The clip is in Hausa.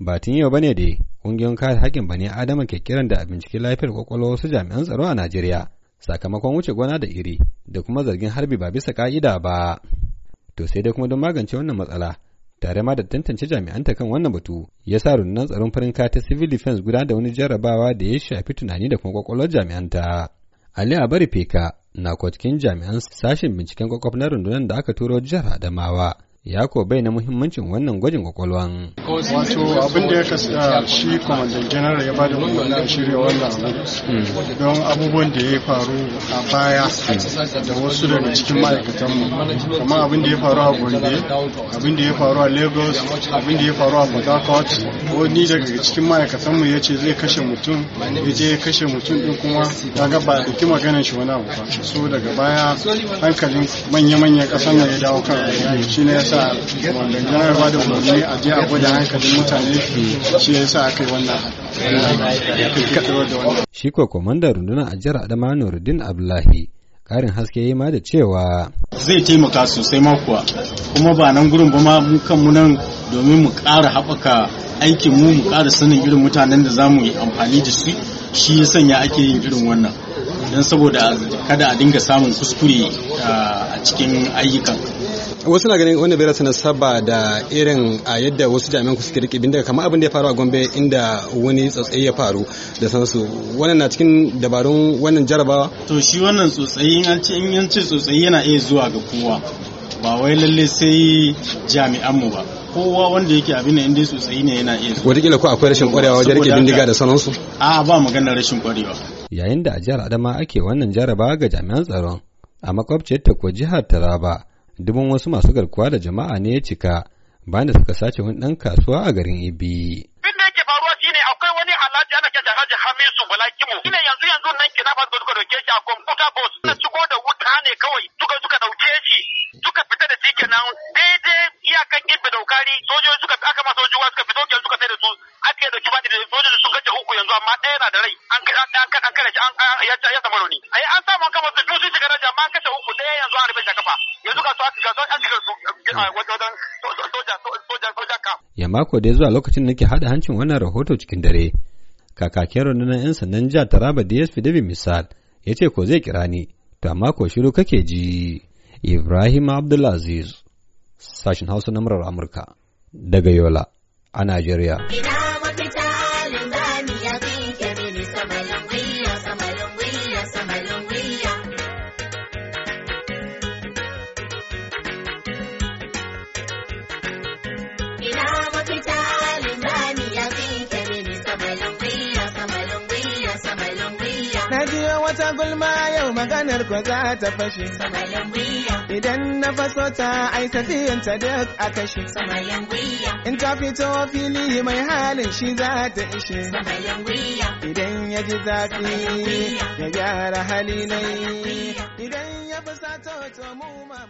ba tun yau bane da ƙungiyoyin kare haƙƙin bani adama ke kiran da bincike lafiyar kwakwalwa wasu jami'an tsaro a Najeriya sakamakon wuce gona da iri da kuma zargin harbi ba bisa ka'ida ba. To sai dai kuma don magance wannan matsala tare ma da tantance jami'anta kan wannan batu ya sa rundunar tsaron farin ta civil defense guda da wani jarrabawa da ya shafi tunani da kuma kwakwalwar ta Ali Abari Feka na cikin jami'an sashen binciken kwakwaf na rundunar da aka turo jihar Adamawa. ya ko bai na muhimmancin wannan gwajin kwakwalwan. Wato abin da ya kasa shi kwamandan janar ya bada umarni a shirya wannan abu don abubuwan da ya faru a baya da wasu daga cikin ma'aikatan mu kamar abin da ya faru a Gombe abin da ya faru a Lagos abin da ya faru a Port Harcourt wani daga cikin ma'aikatan mu yace zai kashe mutum ya je ya kashe mutum din kuma Ya ga ba kima ganin shi wani abu ba so daga baya hankalin manya-manyan kasan ya dawo kan shi ne yasa wannan da umarni a je a gwada hankalin mutane shi sa aka yi wannan Shi ko kwamandan rundunar ajiyar Adama Nuruddin Abdullahi karin haske yi ma da cewa zai taimaka sosai ma kuma ba nan gurin ba ma mu kanmu nan domin mu ƙara haɓaka aikin mu mu ƙara sanin irin mutanen da za mu yi amfani da su shi ya sanya ake yin irin wannan don saboda kada a dinga samun kuskure ah, a cikin ayyukan wasu na ganin wani bayar na saba da irin a yadda wasu jami'an ku suke rike bin daga kamar abin da ya faru a Gombe inda wani tsatsai ya faru da sansu wannan na cikin dabarun wannan jarabawa to shi wannan tsotsayi an ce in yan ce tsotsayi yana iya zuwa ga kowa ba wai lalle sai jami'an mu ba kowa wanda yake abin da inda tsotsayi ne yana iya wataƙila ko akwai rashin kwarewa wajen rike bindiga da sanansu a ba maganar rashin kwarewa yayin da a jihar adama ake wannan jarabawa ga jami'an tsaron a makwabciyar ta ko jihar taraba dubin wasu masu garkuwa da jama'a ne ya cika bayan da suka sace wani ɗan kasuwa a garin Ibi. Bin da yake faruwa shine akwai wani alhaji ana kyan alhaji Hamisu Balakimu. Shine yanzu yanzu nan kina ba suka dauke shi a kwamfuta bot. Suna shigo da wuta ne kawai suka suka dauke shi suka fita da shi kenan daidai iyakan Ibi daukari sojoji suka aka ma sojoji suka fito kenan suka sai da su aka yi dauki ba da sojoji zuwa ma ɗaya na da rai an an kada shi an ya samu rauni ai an samu an kama su dusu shiga daji ma kashe uku ɗaya yanzu an rufe shakafa yanzu ga su ga su an shiga su wajen soja soja soja kam ya mako da zuwa lokacin nake haɗa hancin wannan rahoto cikin dare kakakin rundunar 'yan sandan jihar Taraba DSP David Misal ya ce ko zai kira ni to amma ko shiru kake ji Ibrahim Abdulaziz sashin Hausa na murar Amurka daga Yola a Najeriya. wata gulma yau maganar ko za ta fashe. Idan na faso ta ai ta duk a kashe. In ta fito fili mai halin shi za ta ishe. Idan ya ji zafi ya gyara hali nai. Idan ya fasa to mu